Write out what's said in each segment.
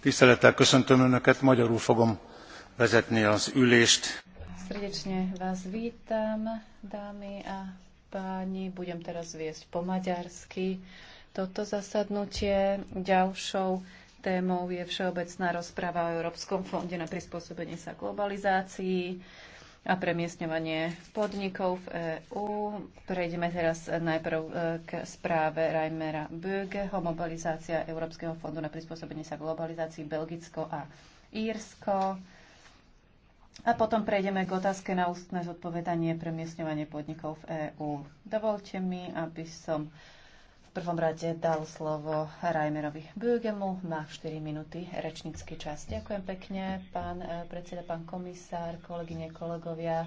Tisztelettel köszöntöm Önöket, magyarul fogom vezetni az ülést. Srdečne vás vítam, dámy a páni. Budem teraz viesť po maďarsky toto zasadnutie. Ďalšou Témou je všeobecná rozpráva o Európskom fonde na prispôsobenie sa globalizácii a premiestňovanie podnikov v EÚ. Prejdeme teraz najprv e, k správe Reimera Bögeho, mobilizácia Európskeho fondu na prispôsobenie sa globalizácii Belgicko a Írsko. A potom prejdeme k otázke na ústne zodpovedanie premiestňovanie podnikov v EÚ. Dovolte mi, aby som v prvom rade dal slovo Reimerovi Bögemu. Má 4 minúty rečnícky čas. Ďakujem pekne, pán eh, predseda, pán komisár, kolegyne, kolegovia.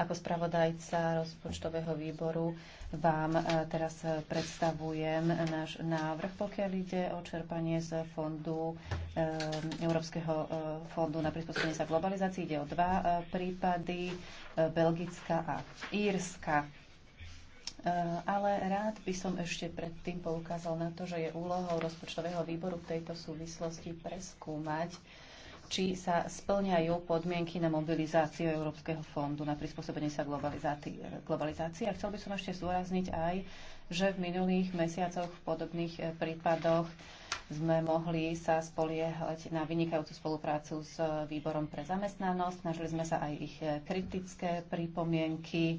Ako spravodajca rozpočtového výboru vám eh, teraz eh, predstavujem náš návrh, pokiaľ ide o čerpanie z fondu Európskeho fondu na prispôsobenie sa globalizácii. Ide o dva prípady, Belgická a Írska. Eh, ale rád by som ešte predtým poukázal na to, že je úlohou rozpočtového výboru v tejto súvislosti preskúmať, či sa splňajú podmienky na mobilizáciu Európskeho fondu na prispôsobenie sa globalizácii. A chcel by som ešte zdôrazniť aj, že v minulých mesiacoch v podobných eh, prípadoch sme mohli sa spoliehať na vynikajúcu spoluprácu s eh, Výborom pre zamestnanosť. Snažili sme sa aj ich kritické pripomienky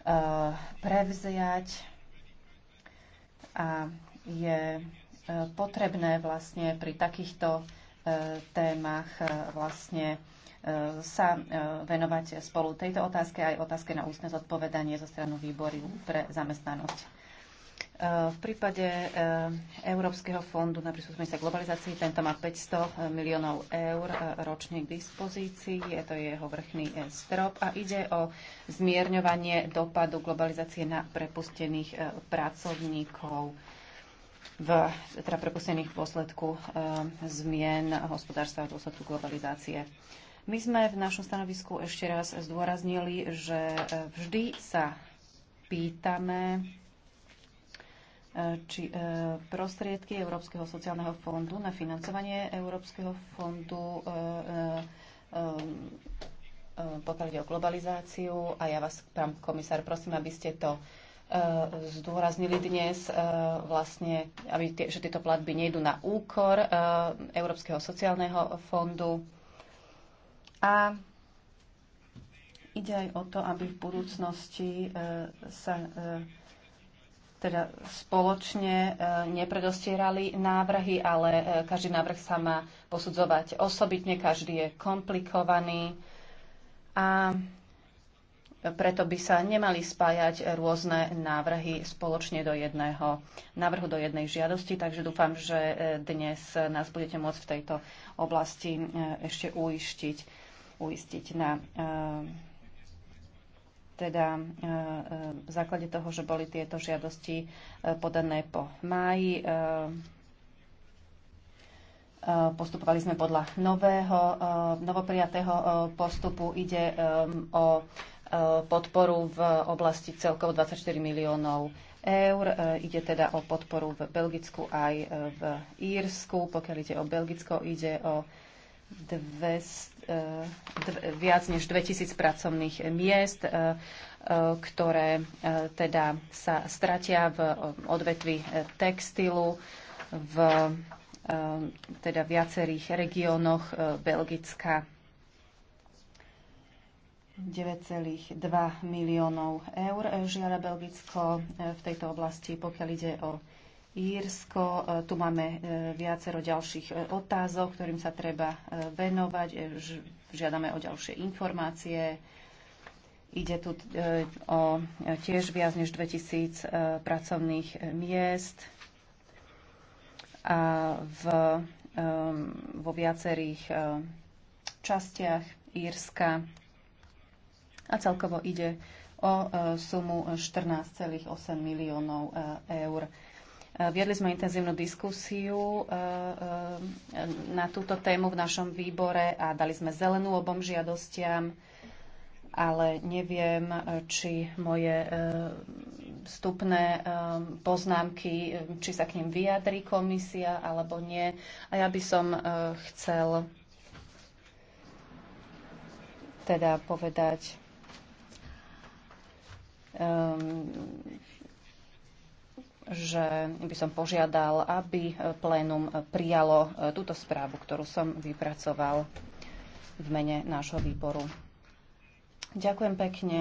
Eh, prevziať a je eh, potrebné vlastne pri takýchto eh, témach vlastne sa venovať spolu tejto otázke aj otázke na ústne zodpovedanie zo stranu výboru pre zamestnanosť. Eh, v prípade eh, Európskeho fondu na prispôsobenie sa globalizácii tento má 500 eh, miliónov eur ročne k dispozícii. Je to jeho vrchný strop a ide o zmierňovanie dopadu globalizácie na prepustených pracovníkov v, teda prepustených posledku dôsledku zmien hospodárstva v dôsledku globalizácie. My sme v našom stanovisku ešte raz zdôraznili, že vždy sa pýtame, E, či e, prostriedky Európskeho sociálneho fondu na financovanie Európskeho fondu e, pokiaľ ide o globalizáciu. A ja vás, pán komisár, prosím, aby ste to zdôraznili dnes, vlastne, aby tie, že tieto platby nejdú na úkor Európskeho sociálneho fondu. A ide aj o to, aby v budúcnosti sa teda spoločne e, nepredostierali návrhy, ale e, každý návrh sa má posudzovať osobitne, každý je komplikovaný a preto by sa nemali spájať rôzne návrhy spoločne do jedného návrhu, do jednej žiadosti. Takže dúfam, že e, dnes nás budete môcť v tejto oblasti ešte uistiť na teda e, e, v základe toho, že boli tieto žiadosti e, podané po máji, postupovali sme podľa nového, novoprijatého postupu. Ide o podporu v oblasti celkovo 24 miliónov eur. Ide teda o podporu v Belgicku aj v Írsku. Pokiaľ ide o Belgicko, ide o 200 viac než 2000 pracovných miest, e, e, ktoré e, teda sa stratia v odvetvi textilu v teda viacerých regiónoch Belgicka. 9,2 miliónov eur žiada Belgicko v tejto oblasti, pokiaľ ide o Írsko. E, tu máme e, viacero ďalších e, otázok, ktorým sa treba venovať. Žiadame o ďalšie informácie. Ide tu o tiež viac než 2000 pracovných miest a v, vo viacerých častiach Írska. A celkovo ide o sumu 14,8 miliónov eur. Viedli sme intenzívnu diskusiu e, e, na túto tému v našom výbore a dali sme zelenú obom žiadostiam, ale neviem, či moje e, vstupné poznámky, či sa k ním vyjadrí komisia alebo nie. A ja by som chcel teda povedať že by som požiadal, aby e, plénum e, prijalo e, túto správu, ktorú som vypracoval v mene nášho výboru. Ďakujem pekne.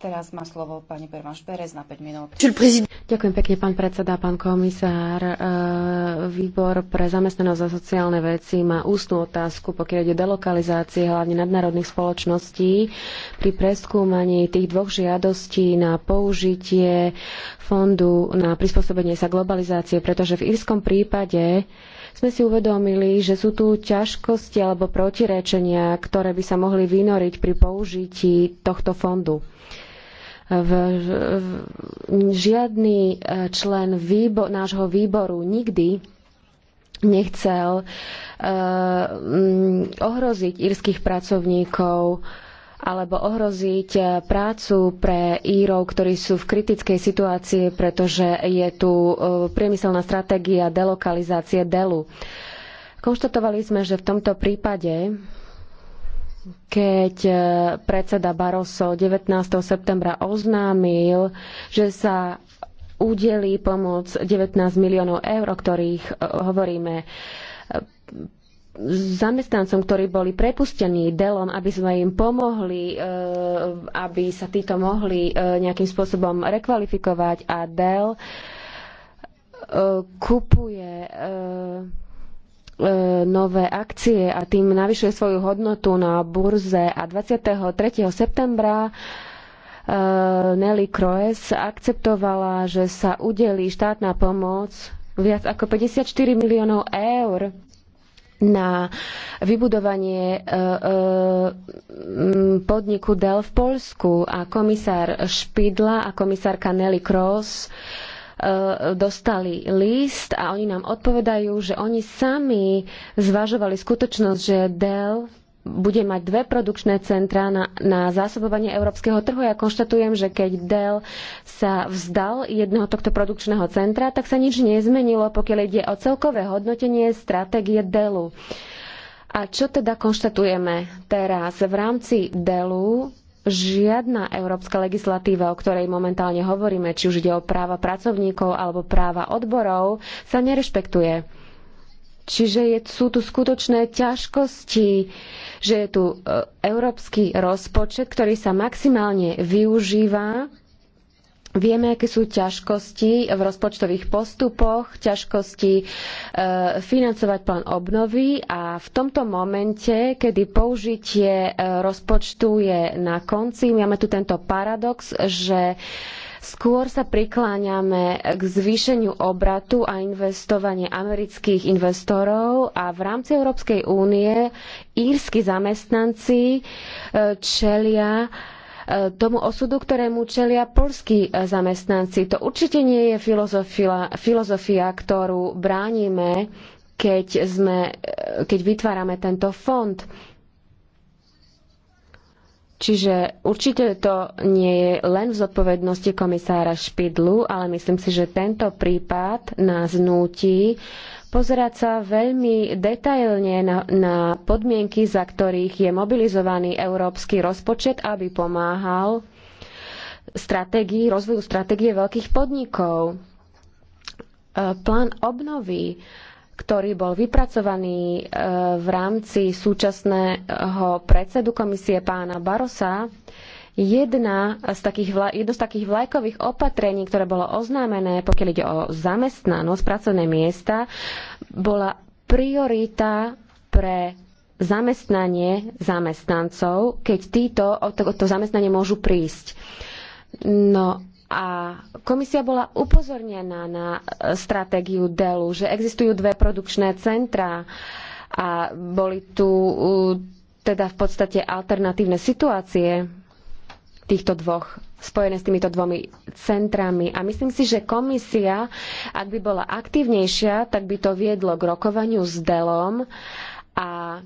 Teraz má slovo pani Pervanš Pérez na 5 minút. Ďakujem pekne, pán predseda, pán komisár. E, výbor pre zamestnanosť a sociálne veci má ústnu otázku, pokiaľ ide delokalizácie hlavne nadnárodných spoločností. Pri preskúmaní tých dvoch žiadostí na použitie fondu na prispôsobenie sa globalizácie, pretože v írskom prípade sme si uvedomili, že sú tu ťažkosti alebo protirečenia, ktoré by sa mohli vynoriť pri použití tohto fondu v, v, žiadny e, člen výbo, nášho výboru nikdy nechcel uh, ohroziť írskych pracovníkov alebo ohroziť e, prácu pre Írov, ktorí sú v kritickej situácii, pretože je tu uh, priemyselná stratégia delokalizácie delu. Konštatovali sme, že v tomto prípade keď e, predseda Barroso 19. septembra oznámil, že sa udelí pomoc 19 miliónov eur, o ktorých e, hovoríme e, zamestnancom, ktorí boli prepustení delom, aby sme im pomohli, aby sa títo mohli nejakým spôsobom rekvalifikovať a del kupuje E, nové akcie a tým navyšuje svoju hodnotu na burze a 23. septembra e, Nelly Kroes akceptovala, že sa udelí štátna pomoc viac ako 54 miliónov eur na vybudovanie e, podniku Dell v Polsku a komisár Špidla a komisárka Nelly Kroes E, dostali list a oni nám odpovedajú, že oni sami zvažovali skutočnosť, že Dell bude mať dve produkčné centra na, na zásobovanie európskeho trhu. Ja konštatujem, že keď Dell sa vzdal jedného tohto produkčného centra, tak sa nič nezmenilo, pokiaľ ide o celkové hodnotenie stratégie Dellu. A čo teda konštatujeme teraz? V rámci Dellu žiadna európska legislatíva, o ktorej momentálne hovoríme, či už ide o práva pracovníkov alebo práva odborov, sa nerešpektuje. Čiže je, sú tu skutočné ťažkosti, že je tu e, európsky rozpočet, ktorý sa maximálne využíva Vieme, aké sú ťažkosti v rozpočtových postupoch, ťažkosti e, financovať plán obnovy a v tomto momente, kedy použitie e, rozpočtu je na konci, máme tu tento paradox, že skôr sa prikláňame k zvýšeniu obratu a investovanie amerických investorov a v rámci Európskej únie írsky zamestnanci e, čelia E, tomu osudu, ktorému čelia polskí e, zamestnanci. To určite nie je filozofia, filozofia ktorú bránime, keď, sme, e, keď vytvárame tento fond. Čiže určite to nie je len v zodpovednosti komisára Špidlu, ale myslím si, že tento prípad nás núti pozerať sa veľmi detailne na, na podmienky, za ktorých je mobilizovaný európsky rozpočet, aby pomáhal stratégii, rozvoju stratégie veľkých podnikov. E, plán obnovy ktorý bol vypracovaný e, v rámci súčasného predsedu komisie pána Barosa, Jedna z takých vla, jedno z takých vlajkových opatrení, ktoré bolo oznámené, pokiaľ ide o zamestnanosť, pracovné miesta, bola priorita pre zamestnanie zamestnancov, keď títo o to, o to zamestnanie môžu prísť. No a komisia bola upozornená na e, stratégiu DELu, že existujú dve produkčné centrá a boli tu teda v podstate alternatívne situácie týchto dvoch, spojené s týmito dvomi centrami. A myslím si, že komisia, ak by bola aktívnejšia, tak by to viedlo k rokovaniu s Delom a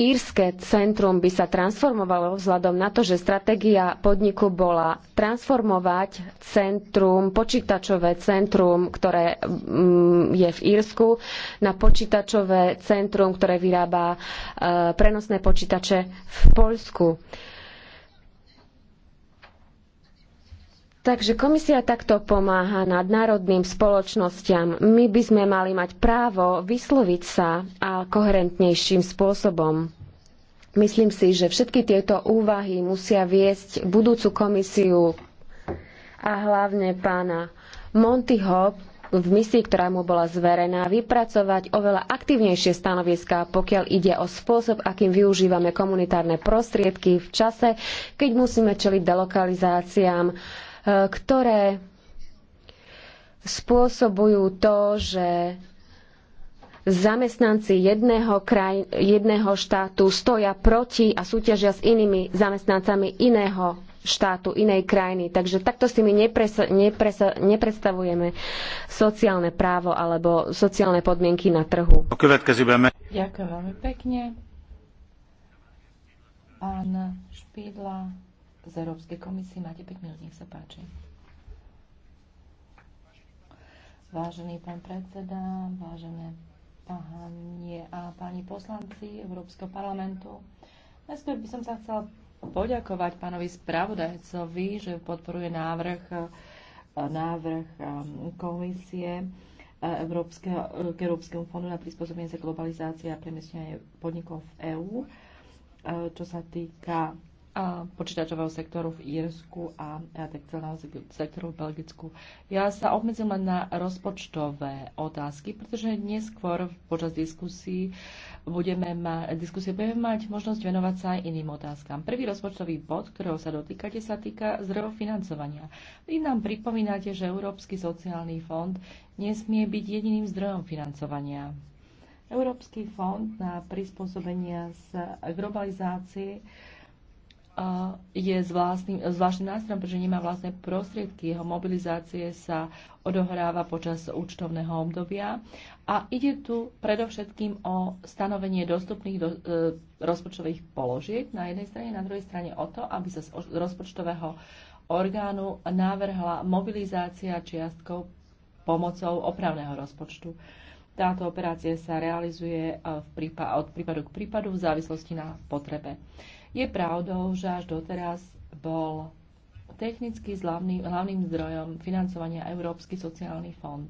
Írske centrum by sa transformovalo vzhľadom na to, že stratégia podniku bola transformovať centrum, počítačové centrum, ktoré mm, je v Írsku, na počítačové centrum, ktoré vyrába e, prenosné počítače v Poľsku. Takže komisia takto pomáha nadnárodným spoločnosťam. My by sme mali mať právo vysloviť sa a koherentnejším spôsobom. Myslím si, že všetky tieto úvahy musia viesť budúcu komisiu a hlavne pána Montyho v misii, ktorá mu bola zverená, vypracovať oveľa aktívnejšie stanoviská, pokiaľ ide o spôsob, akým využívame komunitárne prostriedky v čase, keď musíme čeliť delokalizáciám ktoré spôsobujú to, že zamestnanci jedného, kraj, jedného štátu stoja proti a súťažia s inými zamestnancami iného štátu, inej krajiny. Takže takto si my nepresa, nepresa, nepredstavujeme sociálne právo alebo sociálne podmienky na trhu. Ďakujem veľmi pekne. Pán Špídla z Európskej komisie. Máte 5 minút, nech sa páči. Vážený pán predseda, vážené pánie a páni poslanci Európskeho parlamentu, najskôr by som sa chcela poďakovať pánovi spravodajcovi, že podporuje návrh, návrh um, komisie uh, Európskeho, uh, k Európskemu fondu na prispôsobenie sa globalizácie a premiestňovanie podnikov v EÚ, uh, čo sa týka počítačového sektoru v Írsku a textilného sektoru v Belgicku. Ja sa obmedzím len na rozpočtové otázky, pretože neskôr počas diskusí budeme ma, diskusie budeme mať možnosť venovať sa aj iným otázkam. Prvý rozpočtový bod, ktorého sa dotýkate, sa týka zdrojov financovania. Vy nám pripomínate, že Európsky sociálny fond nesmie byť jediným zdrojom financovania. Európsky fond na prispôsobenie z globalizácie je zvláštnym nástrojom, pretože nemá vlastné prostriedky. Jeho mobilizácie sa odohráva počas účtovného obdobia a ide tu predovšetkým o stanovenie dostupných do, e, rozpočtových položiek na jednej strane, na druhej strane o to, aby sa z rozpočtového orgánu navrhla mobilizácia čiastkou pomocou opravného rozpočtu. Táto operácia sa realizuje e, v od prípadu k prípadu v závislosti na potrebe. Je pravdou, že až doteraz bol technicky hlavným, hlavným zdrojom financovania Európsky sociálny fond.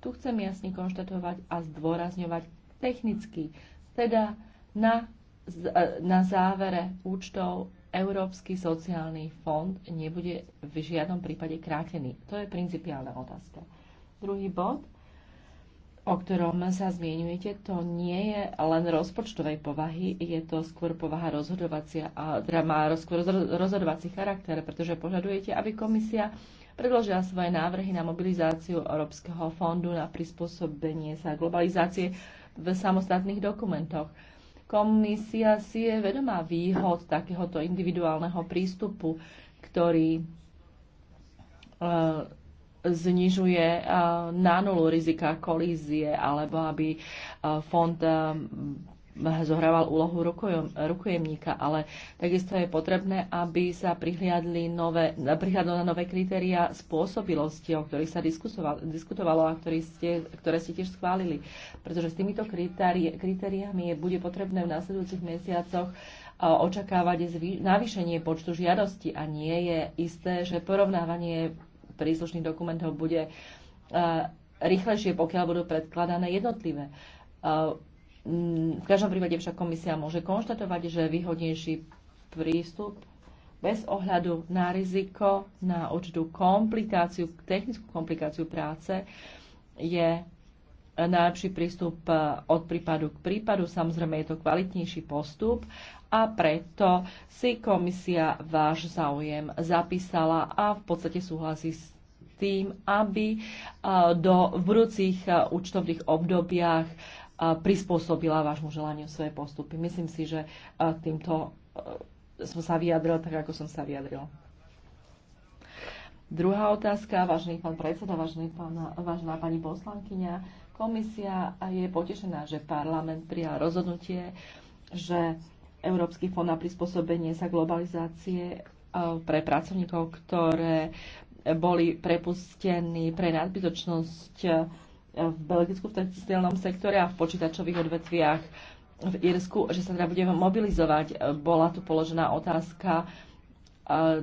Tu chcem jasne konštatovať a zdôrazňovať technicky, teda na, e, na závere účtov Európsky sociálny fond nebude v žiadnom prípade krátený. To je principiálna otázka. Druhý bod o ktorom sa zmienujete, to nie je len rozpočtovej povahy, je to skôr povaha rozhodovacia, a, teda má skôr rozhodovací charakter, pretože požadujete, aby komisia predložila svoje návrhy na mobilizáciu Európskeho fondu na prispôsobenie sa globalizácie v samostatných dokumentoch. Komisia si je vedomá výhod takéhoto individuálneho prístupu, ktorý e, znižuje eh, na nulu rizika kolízie alebo aby eh, fond eh, zohrával úlohu rukojemníka, ale takisto je potrebné, aby sa prihliadli nové, prihliadlo na nové kritéria spôsobilosti, o ktorých sa diskutovalo a ste, ktoré ste tiež schválili. Pretože s týmito kritéri, kritériami je, bude potrebné v následujúcich mesiacoch očakávať navýšenie počtu žiadosti a nie je isté, že porovnávanie príslušných dokumentov bude e, rýchlejšie, pokiaľ budú predkladané jednotlivé. E, v každom prípade však komisia môže konštatovať, že výhodnejší prístup bez ohľadu na riziko, na určitú komplikáciu, technickú komplikáciu práce je najlepší prístup e, od prípadu k prípadu. Samozrejme je to kvalitnejší postup a preto si komisia váš záujem zapísala a v podstate súhlasí s tým, aby e, do budúcich e, účtovných obdobiach e, prispôsobila vášmu želaniu svoje postupy. Myslím si, že týmto som sa vyjadril tak, ako som sa vyjadril. Druhá otázka, vážený pán predseda, vážený pán, vážená pani poslankyňa. Komisia je potešená, že parlament prijal rozhodnutie, že Európsky fond na prispôsobenie sa globalizácie eh, pre pracovníkov, ktoré boli prepustení pre nadbytočnosť eh, v Belgicku v textilnom sektore a v počítačových odvetviach v Irsku, že sa teda budeme mobilizovať. Eh, bola tu položená otázka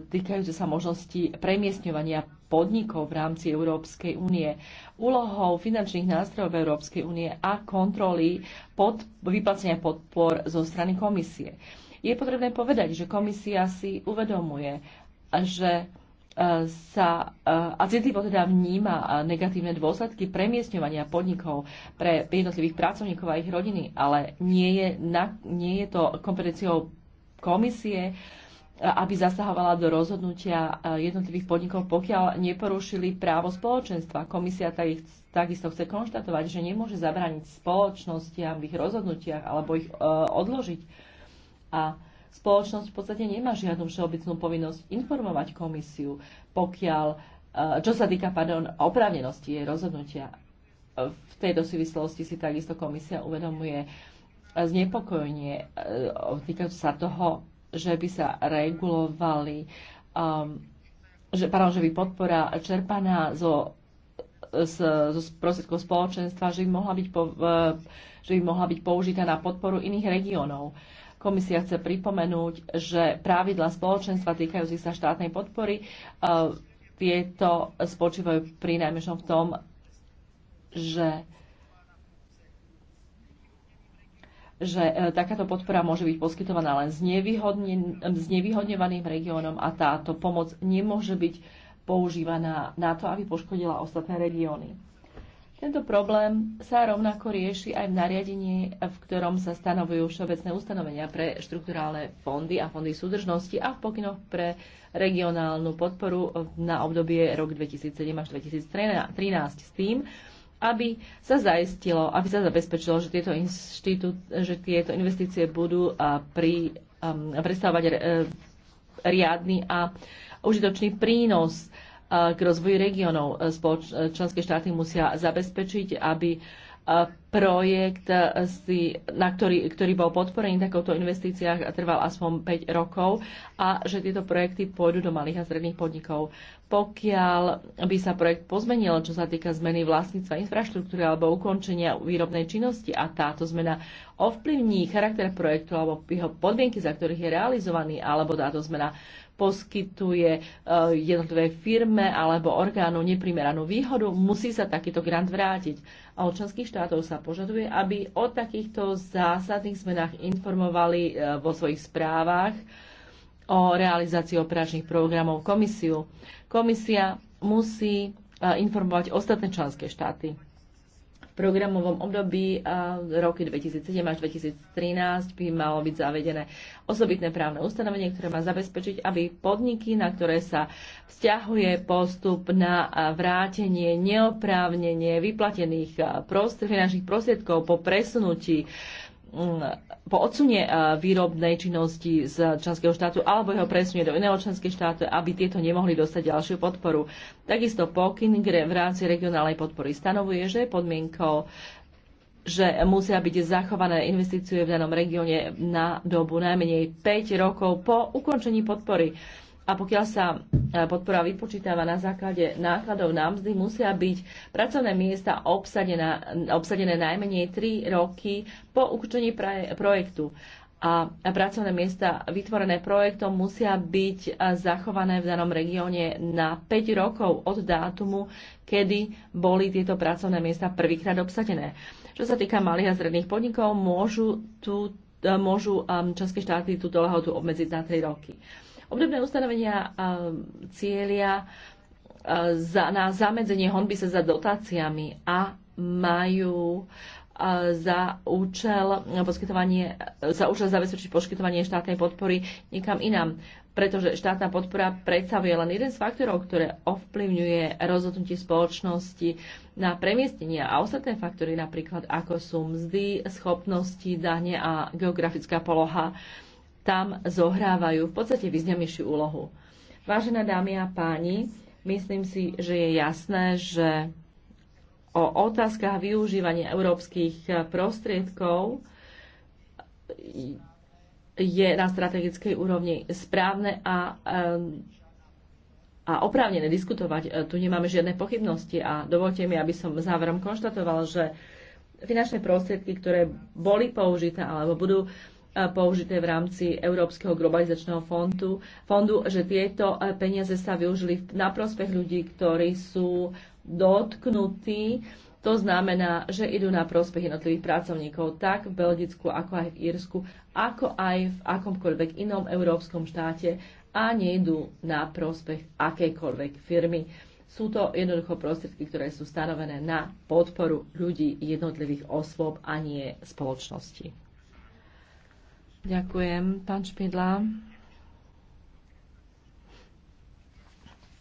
týkajúce sa možnosti premiestňovania podnikov v rámci Európskej únie. Úlohou finančných nástrojov Európskej únie a kontroly pod, vyplacenia podpor zo strany komisie. Je potrebné povedať, že komisia si uvedomuje, že e, sa e, a citlivo teda vníma e, negatívne dôsledky premiestňovania podnikov pre jednotlivých pracovníkov a ich rodiny, ale nie je, na, nie je to kompetenciou komisie aby zasahovala do rozhodnutia eh, jednotlivých podnikov, pokiaľ neporušili právo spoločenstva. Komisia takisto chce konštatovať, že nemôže zabrániť spoločnostiam v ich rozhodnutiach alebo ich eh, odložiť. A spoločnosť v podstate nemá žiadnu všeobecnú povinnosť informovať komisiu, pokiaľ, eh, čo sa týka pardon, oprávnenosti jej rozhodnutia. V tejto súvislosti si takisto komisia uvedomuje znepokojenie týkajúce sa toho, že by sa regulovali, um, že, pardon, že by podpora čerpaná zo, z, zo prostriedkov spoločenstva, že by, mohla byť po, že by mohla byť použitá na podporu iných regiónov. Komisia chce pripomenúť, že pravidla spoločenstva týkajúcich sa štátnej podpory uh, tieto spočívajú pri najmäšom v tom, že že e, takáto podpora môže byť poskytovaná len s nevyhodňovaným regiónom a táto pomoc nemôže byť používaná na to, aby poškodila ostatné regióny. Tento problém sa rovnako rieši aj v nariadení, v ktorom sa stanovujú všeobecné ustanovenia pre štrukturálne fondy a fondy súdržnosti a v pokynoch pre regionálnu podporu na obdobie rok 2007 až 2013 s tým, aby sa zaistilo, aby sa zabezpečilo, že tieto, inštitút, že tieto investície budú pri, um, predstavovať uh, riadny a užitočný prínos uh, k rozvoju regiónov. E, spoloč- členské štáty musia zabezpečiť, aby uh, projekt, e, na ktorý, ktorý bol podporený takouto investíciách a trval aspoň 5 rokov a že tieto projekty pôjdu do malých a stredných podnikov. Pokiaľ by sa projekt pozmenil, čo sa týka zmeny vlastníctva infraštruktúry alebo ukončenia výrobnej činnosti a táto zmena ovplyvní charakter projektu alebo jeho podmienky, za ktorých je realizovaný, alebo táto zmena poskytuje e, jednotlivé firme alebo orgánu neprimeranú výhodu, musí sa takýto grant vrátiť. A od členských štátov sa požaduje, aby o takýchto zásadných zmenách informovali e, vo svojich správach o realizácii operačných programov komisiu. Komisia musí e, informovať ostatné členské štáty programovom období roky 2007 až 2013 by malo byť zavedené osobitné právne ustanovenie, ktoré má zabezpečiť, aby podniky, na ktoré sa vzťahuje postup na vrátenie neoprávnenie vyplatených prost- finančných prostriedkov po presunutí Mm, po odsunie eh, výrobnej činnosti z členského štátu alebo jeho presunie do iného členského štátu, aby tieto nemohli dostať ďalšiu podporu. Takisto pokyn v rámci regionálnej podpory stanovuje, že podmienkou že musia byť zachované investície v danom regióne na dobu najmenej 5 rokov po ukončení podpory a pokiaľ sa e, podpora vypočítava na základe nákladov na mzdy, musia byť pracovné miesta obsadené, obsadené najmenej 3 roky po ukončení projektu. A pracovné miesta vytvorené projektom musia byť e, zachované v danom regióne na 5 rokov od dátumu, kedy boli tieto pracovné miesta prvýkrát obsadené. Čo sa týka malých a zredných podnikov, môžu, tu, e, môžu české štáty túto lehotu obmedziť na 3 roky. Obdobné ustanovenia cieľia za, na zamedzenie honby sa za dotáciami a majú za účel poskytovanie, za účel zabezpečiť poskytovanie štátnej podpory niekam inám, pretože štátna podpora predstavuje len jeden z faktorov, ktoré ovplyvňuje rozhodnutie spoločnosti na premiestnenie a ostatné faktory, napríklad ako sú mzdy, schopnosti, dane a geografická poloha, uh, tam zohrávajú v podstate významnejšiu úlohu. Vážené dámy a páni, myslím si, že je jasné, že o otázkach využívania európskych prostriedkov je na strategickej úrovni správne a, a oprávnené diskutovať. Tu nemáme žiadne pochybnosti a dovolte mi, aby som záverom konštatoval, že finančné prostriedky, ktoré boli použité alebo budú Eh, použité v rámci Európskeho globalizačného fondu, fondu, že tieto eh, peniaze sa využili na prospech ľudí, ktorí sú dotknutí. To znamená, že idú na prospech jednotlivých pracovníkov tak v Belgicku, ako aj v Írsku, ako aj v akomkoľvek inom európskom štáte a nejdú na prospech akejkoľvek firmy. Sú to jednoducho prostriedky, ktoré sú stanovené na podporu ľudí, jednotlivých osôb a nie spoločnosti. Ďakujem, pán Špidla.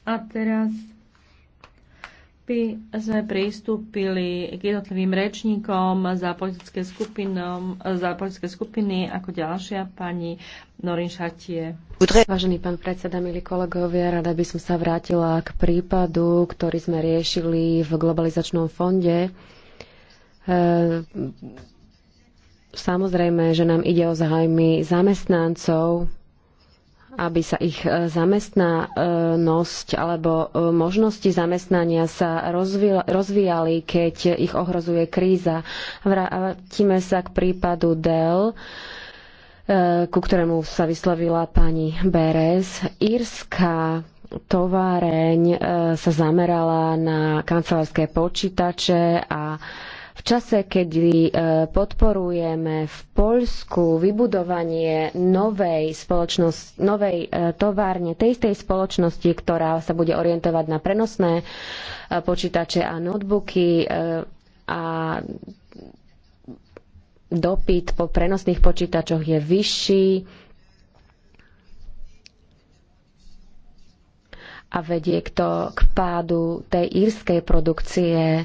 A teraz by sme pristúpili k jednotlivým rečníkom za politické, skupinom, za politické skupiny, ako ďalšia pani Norin Šatie. Vážený pán predseda, milí kolegovia, rada by som sa vrátila k prípadu, ktorý sme riešili v Globalizačnom fonde. E Samozrejme, že nám ide o zájmy zamestnancov, aby sa ich e, zamestnanosť alebo e, možnosti zamestnania sa rozvíjali, keď ich ohrozuje kríza. Vrátime sa k prípadu Dell, e, ku ktorému sa vyslovila pani Beres. Írska továreň sa zamerala na kancelárske počítače a v čase, keď e, podporujeme v Poľsku vybudovanie novej, novej e, továrne, tej istej spoločnosti, ktorá sa bude orientovať na prenosné e, počítače a notebooky a dopyt po prenosných počítačoch je vyšší, a vedie to k pádu tej írskej produkcie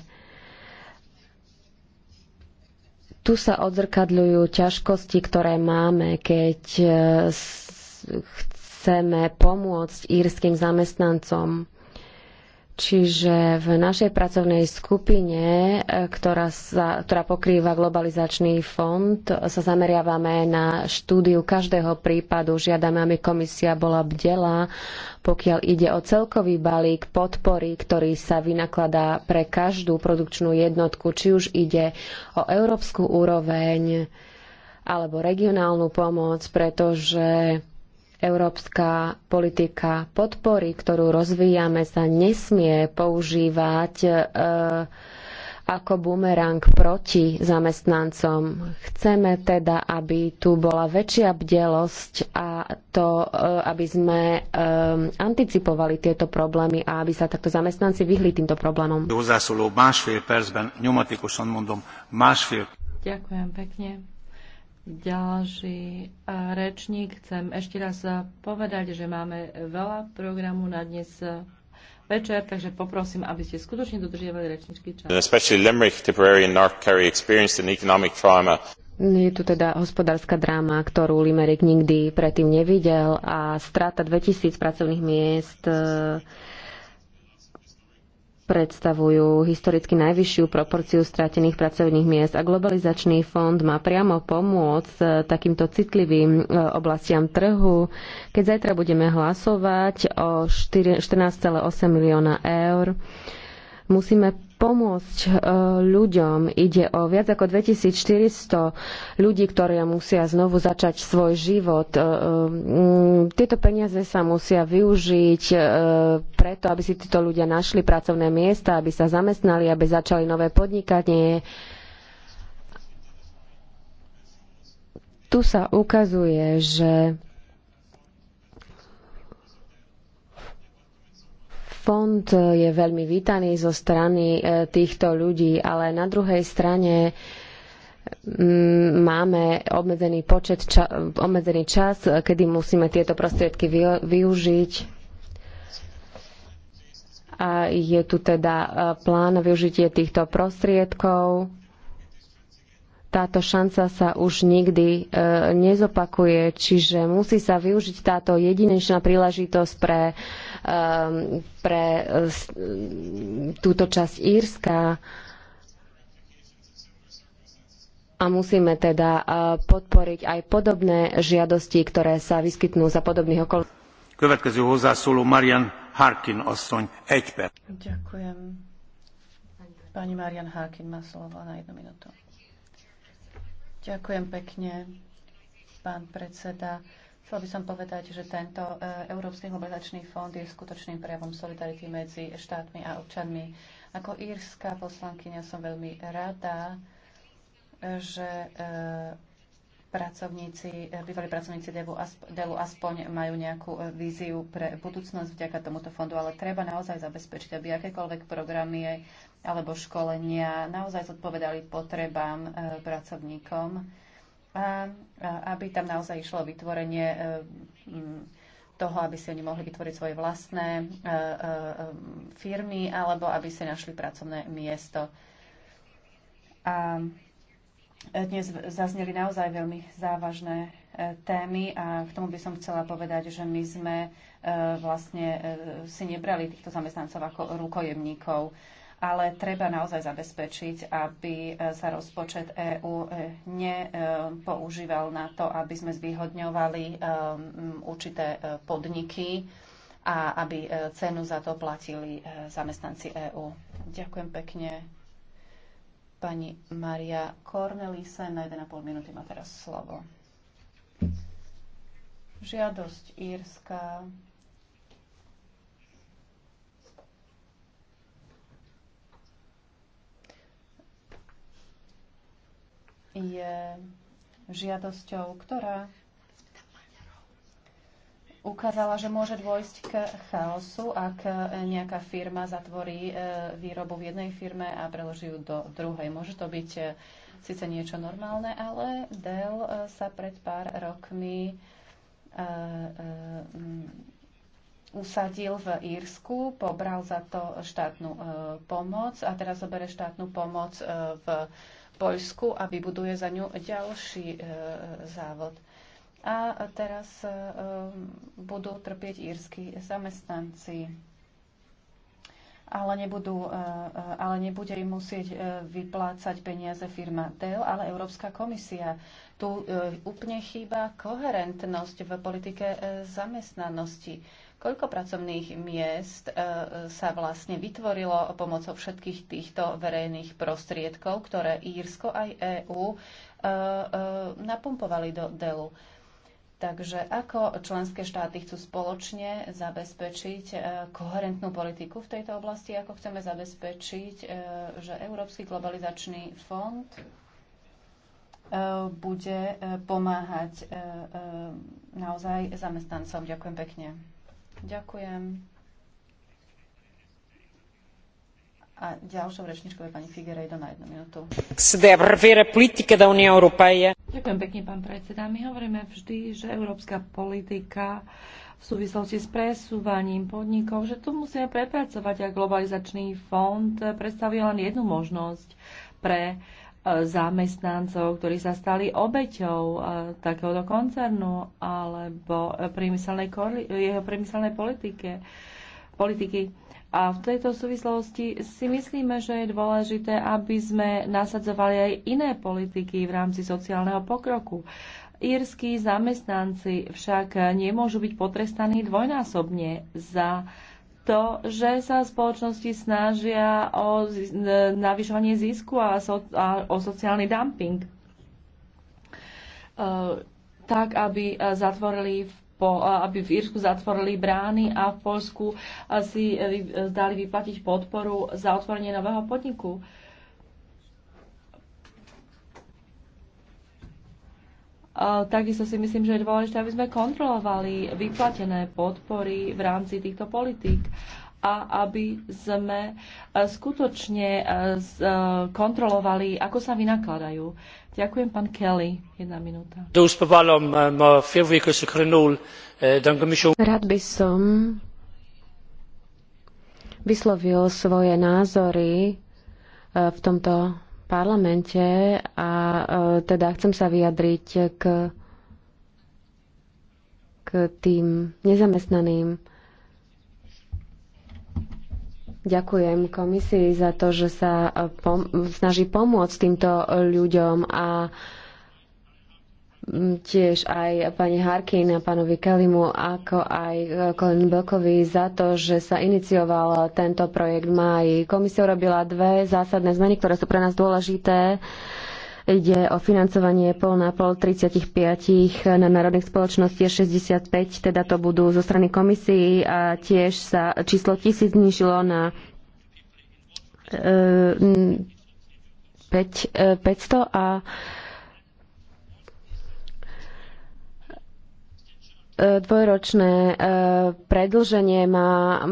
Tu sa odzrkadľujú ťažkosti, ktoré máme, keď eh, chceme pomôcť írskym zamestnancom Čiže v našej pracovnej skupine, e, ktorá, sa, ktorá pokrýva globalizačný fond, sa zameriavame na štúdiu každého prípadu. Žiadame, aby komisia bola bdela, pokiaľ ide o celkový balík podpory, ktorý sa vynakladá pre každú produkčnú jednotku, či už ide o európsku úroveň alebo regionálnu pomoc, pretože Európska politika podpory, ktorú rozvíjame, sa nesmie používať e, ako bumerang proti zamestnancom. Chceme teda, aby tu bola väčšia bdelosť a to, e, aby sme e, anticipovali tieto problémy a aby sa takto zamestnanci vyhli týmto problémom. Ďakujem pekne ďalší e, rečník. Chcem ešte raz povedať, že máme veľa programu na dnes večer, takže poprosím, aby ste skutočne dodržiavali rečničky čas. Je tu teda hospodárska dráma, ktorú Limerick nikdy predtým nevidel a strata 2000 pracovných miest e, predstavujú historicky najvyššiu proporciu stratených pracovných miest a globalizačný fond má priamo pomôcť eh, takýmto citlivým eh, oblastiam trhu. Keď zajtra budeme hlasovať o 14,8 milióna eur, musíme pomôcť e, ľuďom. Ide o viac ako 2400 ľudí, ktorí musia znovu začať svoj život. E, e, tieto peniaze sa musia využiť preto, aby si títo ľudia našli pracovné miesta, aby sa zamestnali, aby začali nové podnikanie. Tu sa ukazuje, že fond eh, je veľmi vítaný zo strany eh, týchto ľudí, ale na druhej strane mm, máme obmedzený počet, ča, obmedzený čas, eh, kedy musíme tieto prostriedky využiť. A je tu teda plán využitie týchto prostriedkov. Táto šanca sa už nikdy nezopakuje, čiže musí sa využiť táto jedinečná príležitosť pre Ehm, pre eh, mm, túto časť Írska a musíme teda eh, podporiť aj podobné žiadosti, ktoré sa vyskytnú za podobných okolností. Ďakujem. Pani Marian Harkin má slovo na jednu minútu. Ďakujem pekne, pán predseda. Chcela by som povedať, že tento e, Európsky globalizačný fond je skutočným prejavom solidarity medzi štátmi a občanmi. Ako írska poslankyňa som veľmi rada, e, že e, pracovníci, bývalí pracovníci Delu aspoň majú nejakú víziu pre budúcnosť vďaka tomuto fondu, ale treba naozaj zabezpečiť, aby akékoľvek programy alebo školenia naozaj zodpovedali potrebám pracovníkom a aby tam naozaj išlo vytvorenie e, toho, aby si oni mohli vytvoriť svoje vlastné e, e, firmy alebo aby si našli pracovné miesto. A dnes zazneli naozaj veľmi závažné témy a k tomu by som chcela povedať, že my sme vlastne si nebrali týchto zamestnancov ako rukojemníkov ale treba naozaj zabezpečiť, aby e, sa rozpočet EÚ e, nepoužíval na to, aby sme zvýhodňovali e, určité podniky a aby cenu za to platili zamestnanci EÚ. Ďakujem pekne. Pani Maria Cornelise na 1,5 minúty má teraz slovo. Žiadosť Írska je žiadosťou, ktorá ukázala, že môže dôjsť k chaosu, ak nejaká firma zatvorí e, výrobu v jednej firme a preloží ju do druhej. Môže to byť e, síce niečo normálne, ale Dell e, sa pred pár rokmi usadil v Írsku, pobral za to štátnu pomoc a teraz zobere štátnu pomoc v Poľsku a vybuduje za ňu ďalší e, závod. A teraz e, e, budú trpieť írsky zamestnanci ale, nebudú, ale nebude im musieť vyplácať peniaze firma Dell, ale Európska komisia. Tu úplne chýba koherentnosť v politike zamestnanosti Koľko pracovných miest e, sa vlastne vytvorilo pomocou všetkých týchto verejných prostriedkov, ktoré Írsko aj EÚ e, e, napumpovali do DELu? Takže ako členské štáty chcú spoločne zabezpečiť koherentnú politiku v tejto oblasti, ako chceme zabezpečiť, že Európsky globalizačný fond bude pomáhať naozaj zamestnancom. Ďakujem pekne. Ďakujem. A ďalšou rečničkou je pani Figueiredo na jednu minútu. Ďakujem pekne, pán predseda. My hovoríme vždy, že európska politika v súvislosti s presúvaním podnikov, že tu musíme prepracovať a globalizačný fond predstavuje len jednu možnosť pre uh, zamestnancov, ktorí sa stali obeťou eh, takéhoto koncernu alebo eh, priemyselnej, jeho priemyselnej politike, politiky. A v tejto súvislosti si myslíme, že je dôležité, aby sme nasadzovali aj iné politiky v rámci sociálneho pokroku. Írsky zamestnanci však nemôžu byť potrestaní dvojnásobne za uh, to, že sa spoločnosti snažia o e, navyšovanie zisku a, so, a o sociálny dumping. E, tak, aby e, zatvorili v po, e, aby v Írsku zatvorili brány a v Polsku si dali vyplatiť podporu za otvorenie nového podniku. Uh, Takisto si myslím, že je dôležité, aby sme kontrolovali vyplatené podpory v rámci týchto politík a aby sme e, skutočne e, e, kontrolovali, ako sa vynakladajú. Ďakujem, pán Kelly. Jedna minúta. Rád by som vyslovil svoje názory v tomto parlamente a e, teda chcem sa vyjadriť k, k tým nezamestnaným. Ďakujem komisii za to, že sa e, pom- snaží pomôcť týmto ľuďom a tiež aj pani Harkin a pánovi Kelimu, ako aj e, Colin Belkovi za to, že sa inicioval tento projekt v Komisia urobila dve zásadné zmeny, ktoré sú pre nás dôležité. Ide o financovanie pol na pol 35 na národných spoločnosti 65, teda to budú zo strany komisií a tiež sa číslo tisíc znižilo na 5, e, 500 e, a E, dvojročné e, predlženie má,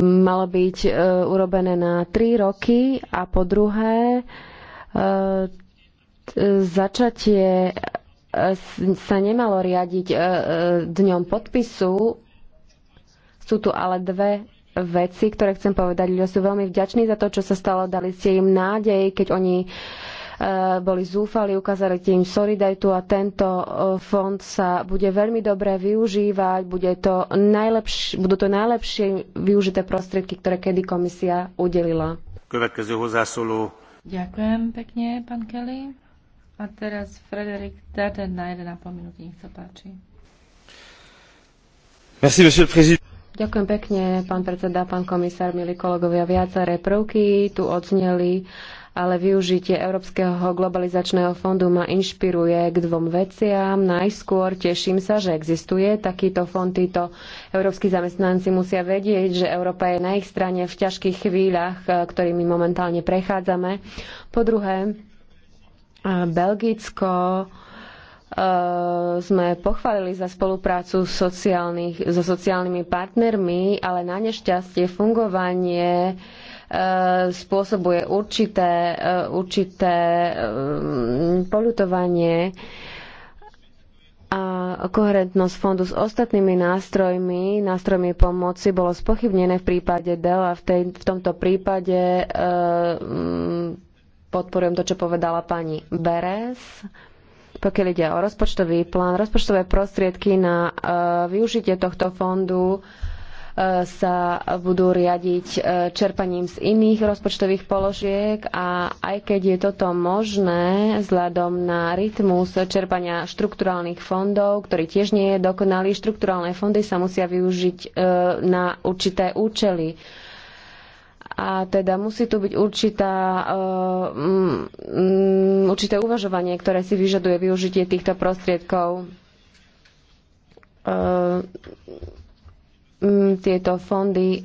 malo byť e, urobené na tri roky a po druhé začatie sa nemalo riadiť dňom podpisu. Sú tu ale dve veci, ktoré chcem povedať. Ľudia sú veľmi vďační za to, čo sa stalo. Dali ste im nádej, keď oni Eh, boli zúfali, ukázali tým solidaritu a tento eh, fond sa bude veľmi dobre využívať, bude to budú to najlepšie využité prostriedky, ktoré kedy komisia udelila. Ďakujem pekne, pán Kelly. A teraz Frederik Darden na 1,5 minúty, nech sa páči. Merci, monsieur le président. Ďakujem pekne, pán predseda, pán komisár, milí kolegovia. Viaceré prvky tu odzneli ale využitie Európskeho globalizačného fondu ma inšpiruje k dvom veciam. Najskôr teším sa, že existuje takýto fond. Títo európsky zamestnanci musia vedieť, že Európa je na ich strane v ťažkých chvíľach, eh, ktorými momentálne prechádzame. Po druhé, eh, Belgicko eh, sme pochválili za spoluprácu sociálnych, so sociálnymi partnermi, ale na nešťastie fungovanie E, spôsobuje určité, e, určité e, polutovanie a koherentnosť fondu s ostatnými nástrojmi, nástrojmi pomoci bolo spochybnené v prípade DEL a v, tej, v tomto prípade e, mm, podporujem to, čo povedala pani Beres. Pokiaľ ide o rozpočtový plán, rozpočtové prostriedky na e, využitie tohto fondu e, sa budú riadiť e, čerpaním z iných rozpočtových položiek a aj keď je toto možné vzhľadom na rytmus čerpania štrukturálnych fondov, ktorý tiež nie je dokonalý, štrukturálne fondy sa musia využiť e, na určité účely. A teda musí tu byť určitá, e, určité uvažovanie, ktoré si vyžaduje využitie týchto prostriedkov Mm, tieto fondy e,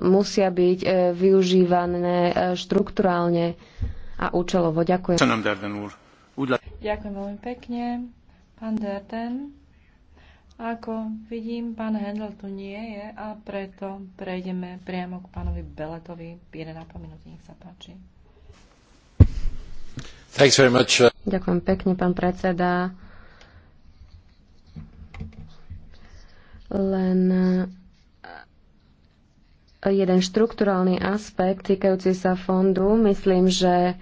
musia byť e, využívané e, štrukturálne a účelovo. Ďakujem. Ďakujem veľmi pekne. Pán Derten, ako vidím, pán Hendel tu nie je a preto prejdeme priamo k pánovi Beletovi. 1,5 minúty, nech sa páči. Uh- Ďakujem pekne, pán predseda. len eh, jeden štrukturálny aspekt týkajúci sa fondu. Myslím, že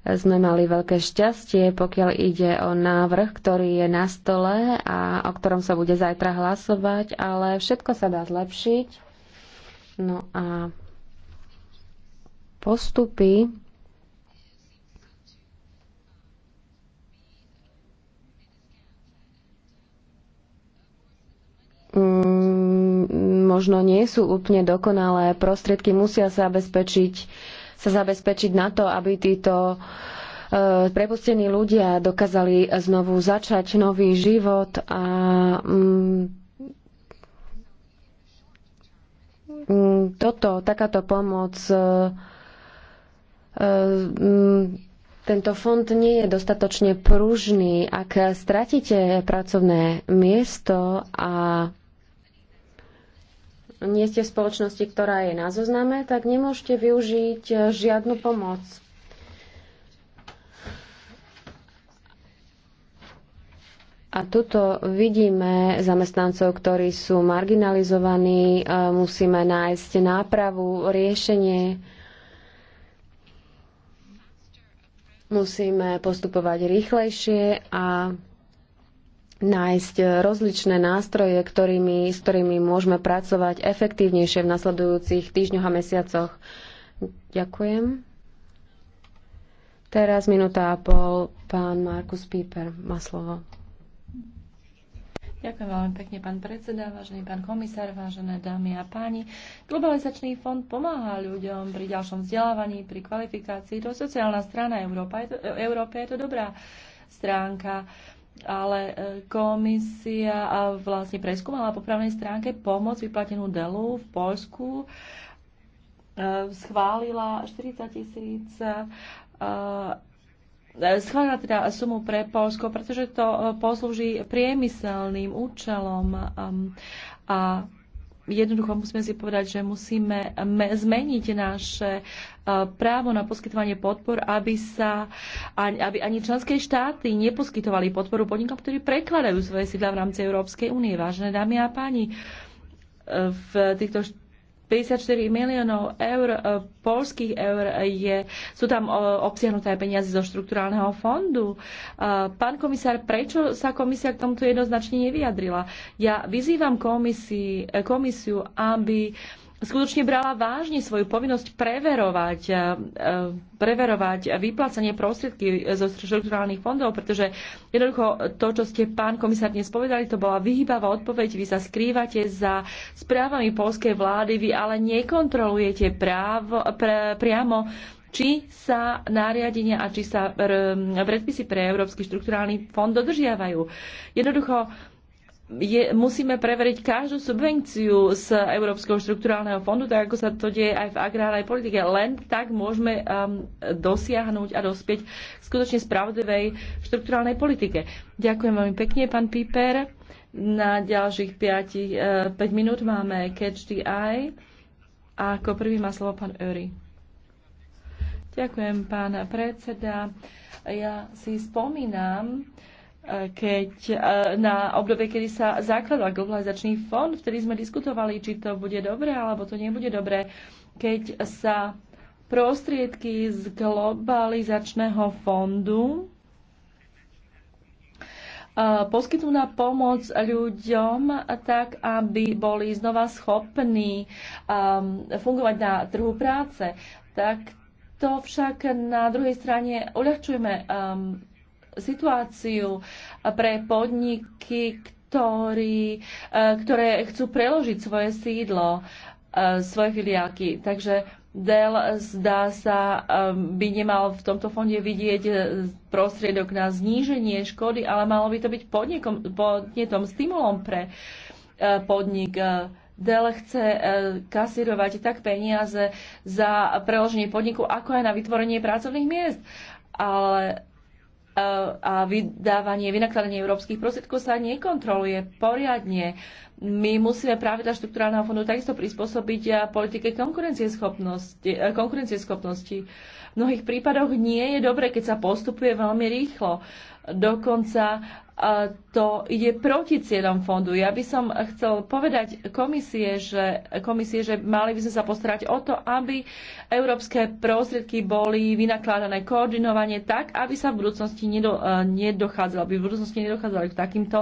sme mali veľké šťastie, pokiaľ ide o návrh, ktorý je na stole a o ktorom sa bude zajtra hlasovať, ale všetko sa dá zlepšiť. No a postupy Mm, možno nie sú úplne dokonalé. Prostriedky musia sa zabezpečiť, sa zabezpečiť na to, aby títo e, prepustení ľudia dokázali znovu začať nový život a mm, mm, toto, takáto pomoc e, e, tento fond nie je dostatočne pružný. Ak stratíte pracovné miesto a nie ste v spoločnosti, ktorá je na zozname, tak nemôžete využiť eh, žiadnu pomoc. A tuto vidíme zamestnancov, ktorí sú marginalizovaní, eh, musíme nájsť nápravu, riešenie. Musíme postupovať rýchlejšie a nájsť e, rozličné nástroje, ktorými, s ktorými môžeme pracovať efektívnejšie v nasledujúcich týždňoch a mesiacoch. Ďakujem. Teraz minúta a pol. Pán Markus Píper má slovo. Ďakujem veľmi pekne, pán predseda, vážený pán komisár, vážené dámy a páni. Globalizačný fond pomáha ľuďom pri ďalšom vzdelávaní, pri kvalifikácii. To sociálna strana Európa, je to, Európa je to dobrá stránka ale e, komisia vlastne preskúmala po právnej stránke pomoc vyplatenú Delu v Poľsku. E, schválila 40 tisíc e, schválila teda sumu pre Polsko, pretože to poslúži priemyselným účelom a jednoducho musíme si povedať, že musíme zmeniť naše e, právo na poskytovanie podpor, aby, sa, aby ani členské štáty neposkytovali podporu podnikom, ktorí prekladajú svoje sídla v rámci Európskej únie. Vážené dámy a páni, e, v týchto 54 miliónov eur, e, polských eur, e, je, sú tam e, obsiahnuté aj peniaze zo štruktúrálneho fondu. Pán komisár, prečo sa komisia k tomuto jednoznačne nevyjadrila? Ja vyzývam komisii, komisiu, aby skutočne brala vážne svoju povinnosť preverovať, e, e, preverovať vyplácanie prostriedky zo štruktúrálnych fondov, pretože jednoducho to, čo ste pán komisár dnes povedali, to bola vyhýbavá odpoveď. Vy sa skrývate za správami polskej vlády, vy ale nekontrolujete právo, pre, priamo či sa nariadenia a či sa predpisy pre Európsky štrukturálny fond dodržiavajú. Jednoducho, je, musíme preveriť každú subvenciu z Európskeho štruktúrálneho fondu, tak ako sa to deje aj v agrárnej politike. Len tak môžeme um, dosiahnuť a dospieť k skutočne spravodlivej štruktúrálnej politike. Ďakujem veľmi pekne, pán Piper. Na ďalších 5, 5 uh, minút máme Catch the Eye. A ako prvý má slovo pán Öri. Ďakujem, pán predseda. Ja si spomínam, keď e, na obdobie, kedy sa zakladal globalizačný fond, vtedy sme diskutovali, či to bude dobré, alebo to nebude dobré, keď sa prostriedky z globalizačného fondu e, poskytnú na pomoc ľuďom tak, aby boli znova schopní e, fungovať na trhu práce. Tak to však na druhej strane uľahčujeme situáciu pre podniky, ktorí, e, ktoré chcú preložiť svoje sídlo, e, svoje filiálky. Takže Dell zdá sa e, by nemal v tomto fonde vidieť prostriedok na zníženie škody, ale malo by to byť podnikom, podnetom, stimulom pre podnik Dell chce kasírovať tak peniaze za preloženie podniku, ako aj na vytvorenie pracovných miest. Ale a vydávanie, vynakladanie európskych prostriedkov sa nekontroluje poriadne. My musíme pravidla štruktúrálneho fondu takisto prispôsobiť politike e, konkurencieschopnosti, V mnohých prípadoch nie je dobre, keď sa postupuje veľmi rýchlo. Dokonca to ide proti cieľom fondu. Ja by som chcel povedať komisie že, komisie, že mali by sme sa postarať o to, aby európske prostriedky boli vynakladané koordinovanie tak, aby sa v budúcnosti nedo, nedochádzalo, aby v budúcnosti nedochádzalo k takýmto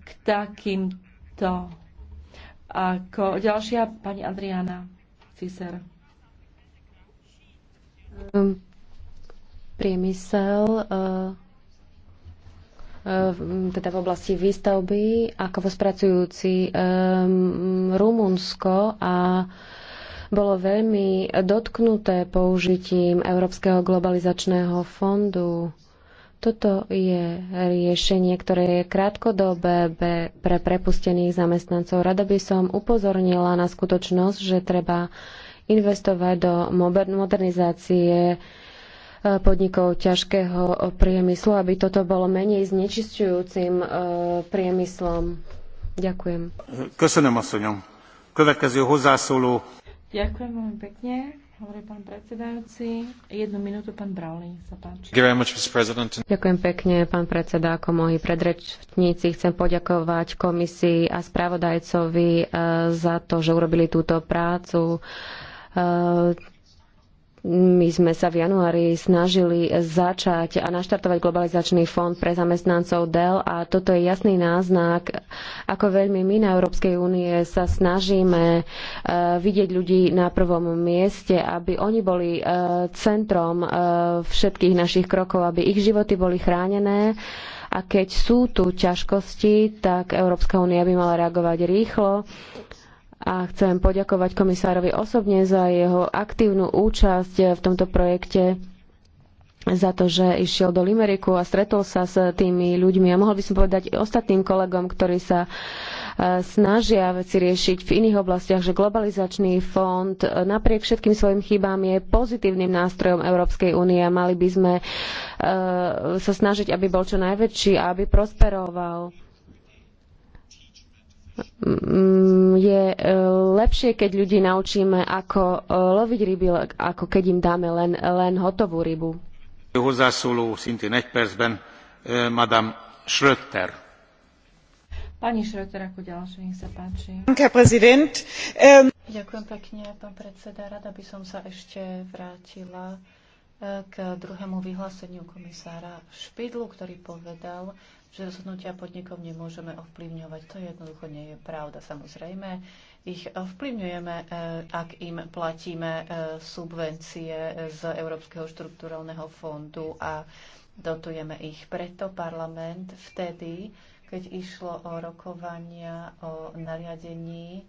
k takýmto ako ďalšia pani Adriana Ciser. Um priemysel e, e, teda v oblasti výstavby a kovospracujúci e, Rumunsko a bolo veľmi dotknuté použitím Európskeho globalizačného fondu. Toto je riešenie, ktoré je krátkodobé pre prepustených zamestnancov. Rada by som upozornila na skutočnosť, že treba investovať do modernizácie podnikov ťažkého priemyslu, aby toto bolo menej znečisťujúcim e, priemyslom. Ďakujem. Ďakujem veľmi pekne. Hovorí pán predsedajúci. Jednu minútu pán Brawley, sa páči. Ďakujem pekne, pán predseda, ako moji predrečníci. Chcem poďakovať komisii a spravodajcovi e, za to, že urobili túto prácu e, my sme sa v januári snažili začať a naštartovať globalizačný fond pre zamestnancov Dell a toto je jasný náznak, ako veľmi my na Európskej únie sa snažíme eh, vidieť ľudí na prvom mieste, aby oni boli eh, centrom eh, všetkých našich krokov, aby ich životy boli chránené. A keď sú tu ťažkosti, tak Európska únia by mala reagovať rýchlo a chcem poďakovať komisárovi osobne za jeho aktívnu účasť v tomto projekte za to, že išiel do Limeriku a stretol sa s tými ľuďmi. A mohol by som povedať i ostatným kolegom, ktorí sa e, snažia veci riešiť v iných oblastiach, že globalizačný fond e, napriek všetkým svojim chybám je pozitívnym nástrojom Európskej únie a mali by sme e, sa snažiť, aby bol čo najväčší a aby prosperoval Mm, je e, lepšie, keď ľudí naučíme, ako e, loviť ryby, ako keď im dáme len, len hotovú rybu. E, Pani Schröter, ako ďalšie, nech sa páči. Ähm, Ďakujem pekne, pán predseda. Rada by som sa ešte vrátila k druhému vyhláseniu komisára Špidlu, ktorý povedal, že rozhodnutia podnikov nemôžeme ovplyvňovať. To jednoducho nie je pravda. Samozrejme, ich ovplyvňujeme, e, ak im platíme e, subvencie z Európskeho štruktúrálneho fondu a dotujeme ich. Preto parlament vtedy, keď išlo o rokovania o nariadení,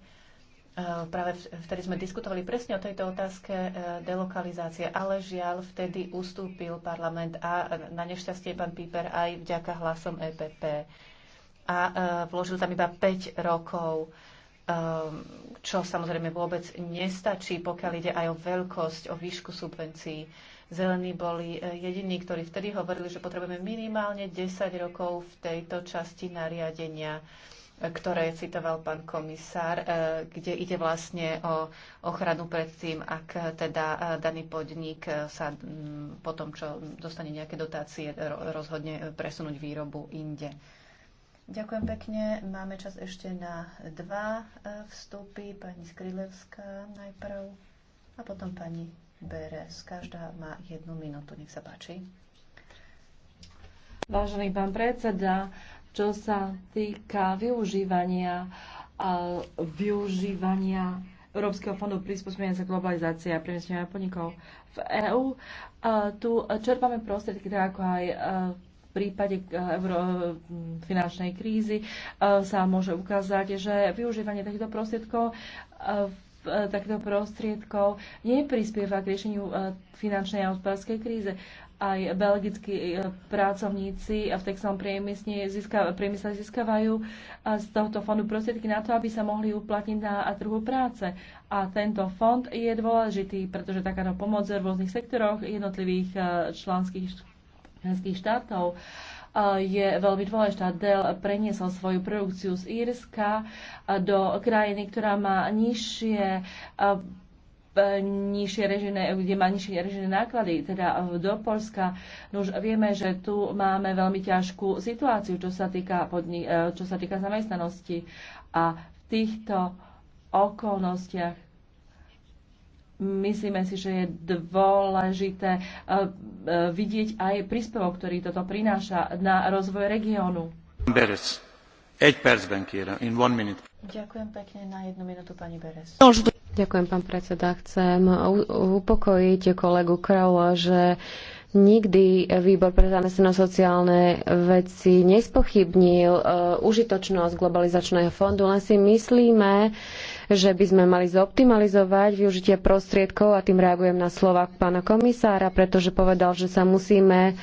Eh, práve vtedy sme diskutovali presne o tejto otázke eh, delokalizácie, ale žiaľ vtedy ustúpil parlament a eh, na nešťastie pán Píper aj vďaka hlasom EPP. A vložil tam iba 5 rokov, čo samozrejme vôbec nestačí, pokiaľ ide aj o veľkosť, o výšku subvencií. Zelení boli jediní, ktorí vtedy hovorili, že potrebujeme minimálne 10 rokov v tejto časti nariadenia ktoré citoval pán komisár, e, kde ide vlastne o ochranu pred tým, ak teda e, daný podnik e, sa po tom, čo dostane nejaké dotácie, rozhodne presunúť výrobu inde. Ďakujem pekne. Máme čas ešte na dva vstupy. Pani Skrilevská najprv a potom pani Beres. Každá má jednu minútu. Nech sa páči. Vážený pán predseda, čo sa týka využívania, a využívania Európskeho fondu prispôsobenia sa globalizácie a premiestňovania podnikov v EÚ, tu čerpáme prostriedky, tak ako aj v prípade euro, e, finančnej krízy e, sa môže ukázať, že využívanie takýchto prostriedkov e, takýchto prostriedkov neprispieva k riešeniu finančnej a hospodárskej kríze aj belgickí e, pracovníci v textilnom priemysle, získa, priemysle získavajú e, z tohto fondu prostriedky na to, aby sa mohli uplatniť na trhu práce. A tento fond je dôležitý, pretože takáto pomoc v rôznych sektoroch jednotlivých e, členských, členských štátov je veľmi dôležitá. Dell preniesol svoju produkciu z Írska do krajiny, ktorá má nižšie nižšie režené, kde má nižšie režené náklady, teda do Polska. No už vieme, že tu máme veľmi ťažkú situáciu, čo sa týka, podni- e, čo sa týka zamestnanosti. A v týchto okolnostiach myslíme si, že je dôležité e, e, vidieť aj príspevok, ktorý toto prináša na rozvoj regiónu. Ďakujem pekne na jednu minútu, pani Beres. Ďakujem, pán predseda. Chcem upokojiť kolegu Kraula, že nikdy výbor pre zamestnanosť sociálne veci nespochybnil e, užitočnosť globalizačného fondu, len si myslíme, že by sme mali zoptimalizovať využitie prostriedkov a tým reagujem na slova pána komisára, pretože povedal, že sa musíme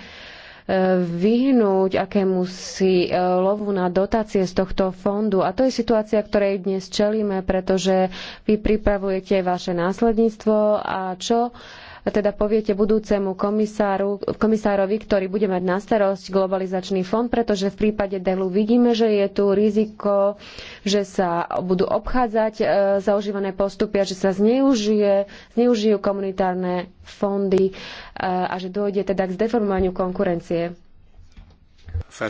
vyhnúť akému si e, lovu na dotácie z tohto fondu. A to je situácia, ktorej dnes čelíme, pretože vy pripravujete vaše následníctvo a čo teda poviete budúcemu komisáru, komisárovi, ktorý bude mať na starosť globalizačný fond, pretože v prípade Delu vidíme, že je tu riziko, že sa budú obchádzať e, zaužívané postupy a že sa zneužije, zneužijú komunitárne fondy e, a že dôjde teda k zdeformovaniu konkurencie. E,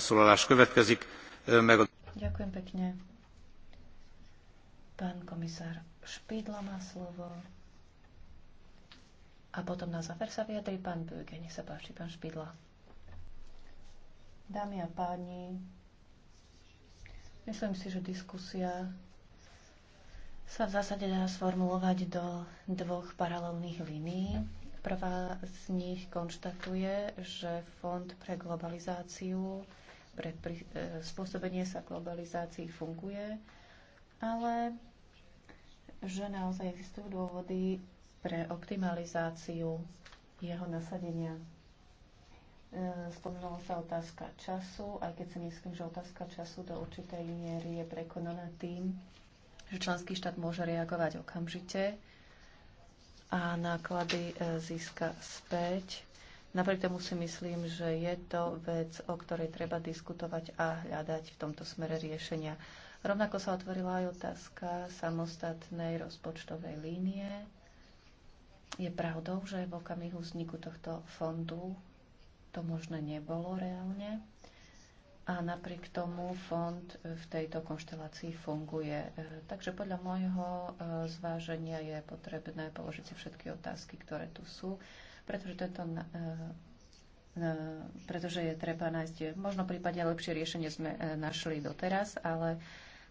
Ďakujem pekne. Pán komisár Špídla má slovo. A potom na záver sa vyjadri pán Böge. Nech sa páči, pán Špidla. Dámy a páni, myslím si, že diskusia sa v zásade dá sformulovať do dvoch paralelných línií. Prvá z nich konštatuje, že Fond pre globalizáciu, pre pri, e, spôsobenie sa globalizácii funguje, ale že naozaj existujú dôvody pre optimalizáciu jeho nasadenia. E, spomenula sa otázka času, aj keď si myslím, že otázka času do určitej miery je prekonaná tým, že členský štát môže reagovať okamžite a náklady e, získa späť. Napriek tomu si myslím, že je to vec, o ktorej treba diskutovať a hľadať v tomto smere riešenia. Rovnako sa otvorila aj otázka samostatnej rozpočtovej línie je pravdou, že v okamihu vzniku tohto fondu to možné nebolo reálne a napriek tomu fond v tejto konštelácii funguje. E, takže podľa môjho e, zváženia je potrebné položiť si všetky otázky, ktoré tu sú, pretože tento e, pretože je treba nájsť možno prípade lepšie riešenie sme našli doteraz, ale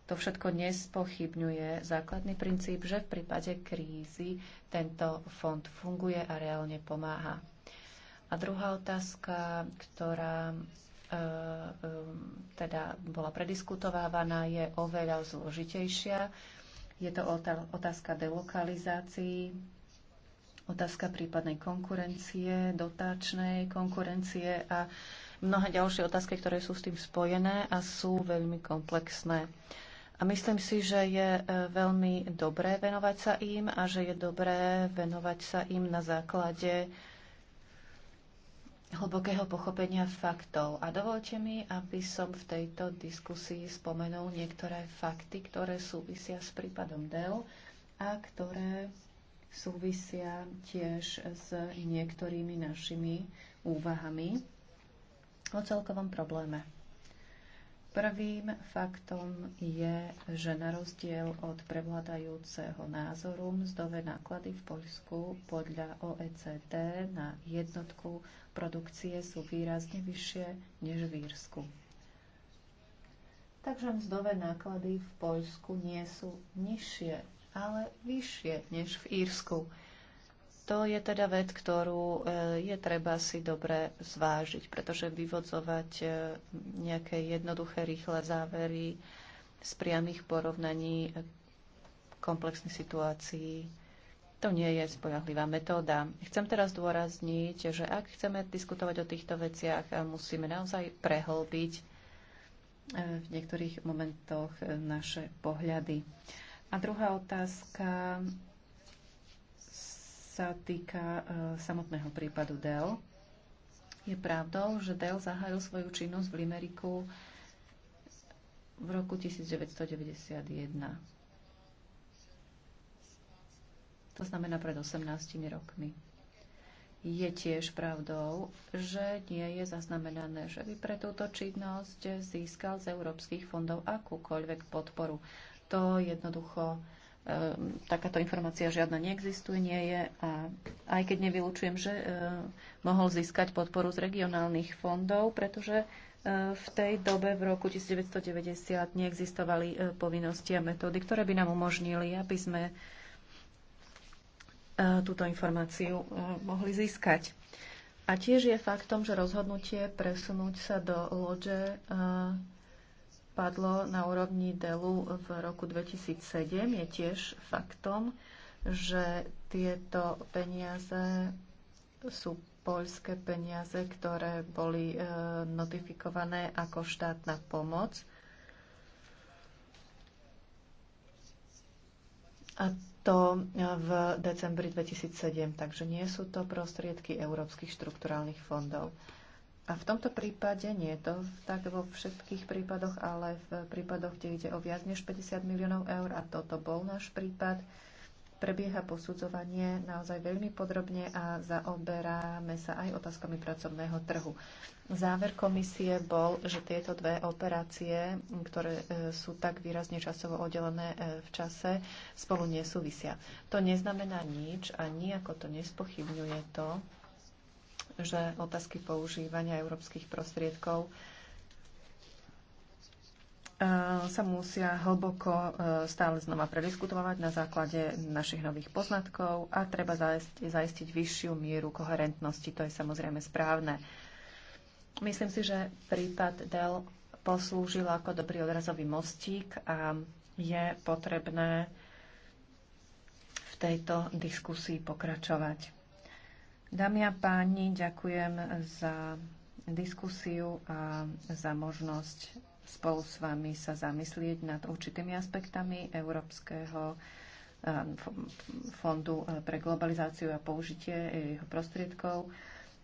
to všetko nespochybňuje základný princíp, že v prípade krízy tento fond funguje a reálne pomáha. A druhá otázka, ktorá e, e, teda bola prediskutovávaná, je oveľa zložitejšia. Je to otázka delokalizácií, otázka prípadnej konkurencie, dotáčnej konkurencie a mnohé ďalšie otázky, ktoré sú s tým spojené a sú veľmi komplexné. A myslím si, že je e, veľmi dobré venovať sa im a že je dobré venovať sa im na základe hlbokého pochopenia faktov. A dovolte mi, aby som v tejto diskusii spomenul niektoré fakty, ktoré súvisia s prípadom DEL a ktoré súvisia tiež s niektorými našimi úvahami o celkovom probléme. Prvým faktom je, že na rozdiel od prevládajúceho názoru mzdové náklady v Poľsku podľa OECD na jednotku produkcie sú výrazne vyššie než v Írsku. Takže mzdové náklady v Poľsku nie sú nižšie, ale vyššie než v Írsku. To je teda vec, ktorú e, je treba si dobre zvážiť, pretože vyvodzovať e, nejaké jednoduché, rýchle závery z priamých porovnaní e, komplexných situácií, to nie je spoľahlivá metóda. Chcem teraz dôrazniť, že ak chceme diskutovať o týchto veciach, musíme naozaj prehlbiť v niektorých momentoch naše pohľady. A druhá otázka sa týka e, samotného prípadu Dell. Je pravdou, že Dell zahájil svoju činnosť v Limeriku v roku 1991. To znamená pred 18 rokmi. Je tiež pravdou, že nie je zaznamenané, že by pre túto činnosť získal z európskych fondov akúkoľvek podporu. To jednoducho Ehm, takáto informácia žiadna neexistuje, nie je. A aj keď nevylučujem, že ehm, mohol získať podporu z regionálnych fondov, pretože ehm, v tej dobe, v roku 1990, neexistovali povinnosti a metódy, ktoré by nám umožnili, aby sme túto informáciu mohli získať. A tiež je faktom, že rozhodnutie presunúť sa do lodže padlo na úrovni DELu v roku 2007, je tiež faktom, že tieto peniaze sú poľské peniaze, ktoré boli e, notifikované ako štátna pomoc. A to e, v decembri 2007, takže nie sú to prostriedky európskych štrukturálnych fondov. A v tomto prípade nie je to tak vo všetkých prípadoch, ale v prípadoch, kde ide o viac než 50 miliónov eur, a toto bol náš prípad, prebieha posudzovanie naozaj veľmi podrobne a zaoberáme sa aj otázkami pracovného trhu. Záver komisie bol, že tieto dve operácie, ktoré e, sú tak výrazne časovo oddelené e, v čase, spolu nesúvisia. To neznamená nič a nijako to nespochybňuje to, že otázky používania európskych prostriedkov e, sa musia hlboko e, stále znova prediskutovať na základe našich nových poznatkov a treba zaistiť vyššiu mieru koherentnosti. To je samozrejme správne. Myslím si, že prípad Dell poslúžil ako dobrý odrazový mostík a je potrebné v tejto diskusii pokračovať. Dámy a páni, ďakujem za diskusiu a za možnosť spolu s vami sa zamyslieť nad určitými aspektami Európskeho fondu pre globalizáciu a použitie jeho prostriedkov.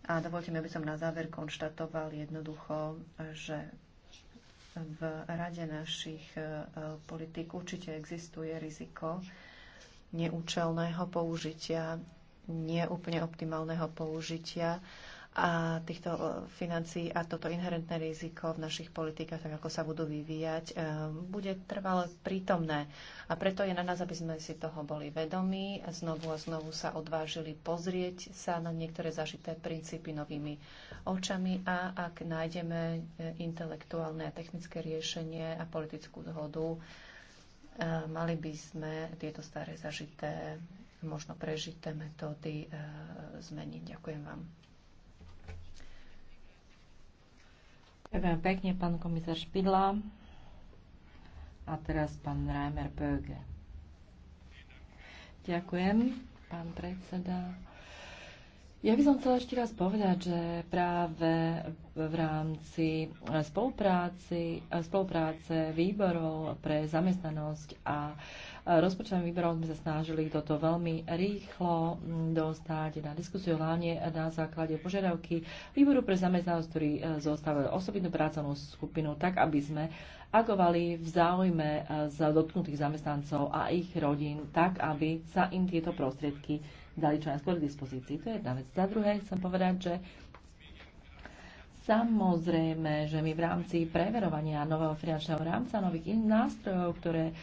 A dovolte mi, aby som na záver konštatoval jednoducho, že v rade našich e, politik určite existuje riziko neúčelného použitia neúplne optimálneho použitia a týchto e, financií a toto inherentné riziko v našich politikách, tak ako sa budú vyvíjať, e, bude trvalo prítomné. A preto je na nás, aby sme si toho boli vedomí a znovu a znovu sa odvážili pozrieť sa na niektoré zažité princípy novými očami a ak nájdeme e, intelektuálne a technické riešenie a politickú zhodu, mali by sme tieto staré zažité možno prežité metódy e, zmeniť. Ďakujem vám. Ďakujem pekne, pán komisár Špidla. A teraz pán Reimer Böge. Ďakujem, pán predseda. Ja by som chcela ešte raz povedať, že práve v rámci spolupráci, spolupráce výborov pre zamestnanosť a rozpočtovým výborom sme sa snažili toto veľmi rýchlo dostať na diskusiu, hlavne na základe požiadavky výboru pre zamestnanosť, ktorý e, zostavil osobitnú pracovnú skupinu, tak aby sme agovali v záujme e, dotknutých zamestnancov a ich rodín, tak aby sa im tieto prostriedky dali čo najskôr k dispozícii. To je jedna vec. Za druhé chcem povedať, že Samozrejme, že my v rámci preverovania nového finančného rámca, nových nástrojov, ktoré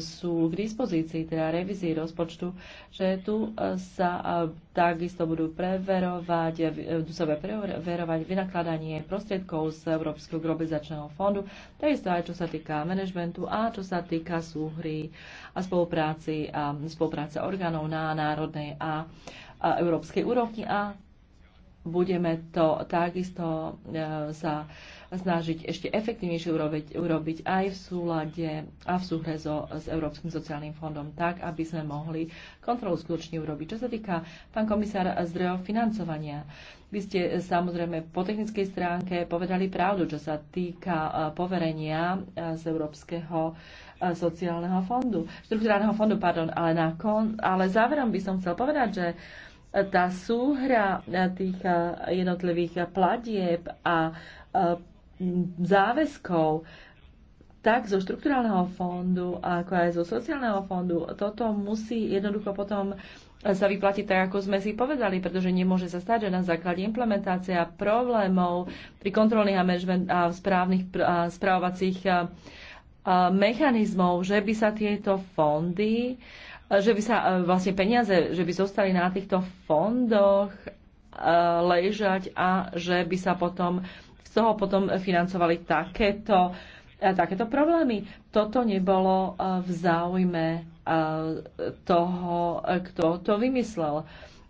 sú k dispozícii, teda revízii rozpočtu, že tu e, sa e, takisto budú preverovať, budú e, sa preverovať vynakladanie prostriedkov z Európskeho globalizačného fondu, takisto aj čo sa týka manažmentu a čo sa týka súhry a spolupráci a spolupráce orgánov na národnej a európskej úrovni a budeme to takisto e, sa snažiť ešte efektívnejšie urobiť, urobiť aj v súlade a v súhre so, s Európskym sociálnym fondom, tak, aby sme mohli kontrolu skutočne urobiť. Čo sa týka, pán komisár, zdrojov financovania, vy ste samozrejme po technickej stránke povedali pravdu, čo sa týka e, poverenia e, z Európskeho sociálneho fondu, štruktúrálneho fondu, pardon, ale, na kon, ale záverom by som chcel povedať, že tá súhra e, tých e, jednotlivých platieb a e, záväzkov tak zo štrukturálneho fondu, ako aj zo sociálneho fondu, toto musí jednoducho potom sa vyplatiť tak, ako sme si povedali, pretože nemôže sa stať, že na základe implementácia problémov pri kontrolných a, a správnych a správovacích a, a mechanizmov, že by sa tieto fondy a, E, že by sa e, vlastne peniaze, že by zostali na týchto fondoch e, ležať a že by sa potom z toho potom financovali takéto, takéto problémy. Toto nebolo v záujme toho, kto to vymyslel.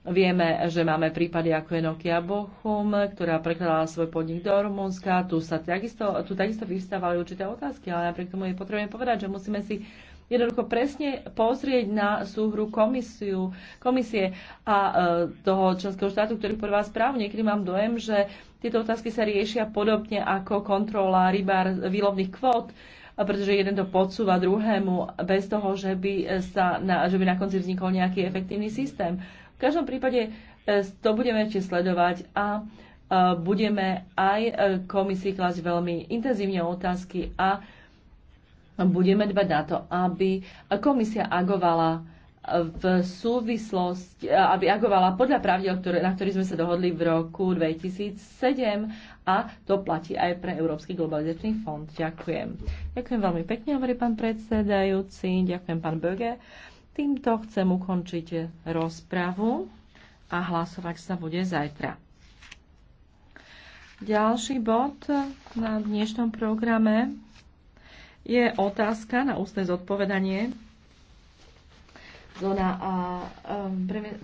Vieme, že máme prípady ako je Nokia Bochum, ktorá prekladala svoj podnik do Rumunska. Tu, sa takisto, tu takisto vystávali určité otázky, ale napriek tomu je potrebné povedať, že musíme si jednoducho presne pozrieť na súhru komisiu, komisie a e, toho členského štátu, ktorý podľa správu. Niekedy mám dojem, že tieto otázky sa riešia podobne ako kontrola rybár výlovných kvót, pretože jeden to podsúva druhému bez toho, že by, sa na, že by na konci vznikol nejaký efektívny systém. V každom prípade e, to budeme ešte sledovať a e, budeme aj komisii klásť veľmi intenzívne otázky a budeme dbať na to, aby komisia agovala eh, v súvislosti, eh, aby agovala podľa pravidel, na ktorých sme sa dohodli v roku 2007 a to platí aj pre Európsky globalizačný fond. Ďakujem. Ďakujem veľmi pekne, hovorí pán predsedajúci. Ďakujem, pán Böge. Týmto chcem ukončiť rozpravu a hlasovať sa bude zajtra. Ďalší bod na dnešnom programe je otázka na ústne zodpovedanie. Zóna, a, um, preme,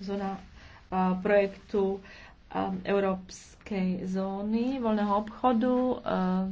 zóna a, projektu a, Európskej zóny voľného obchodu. a.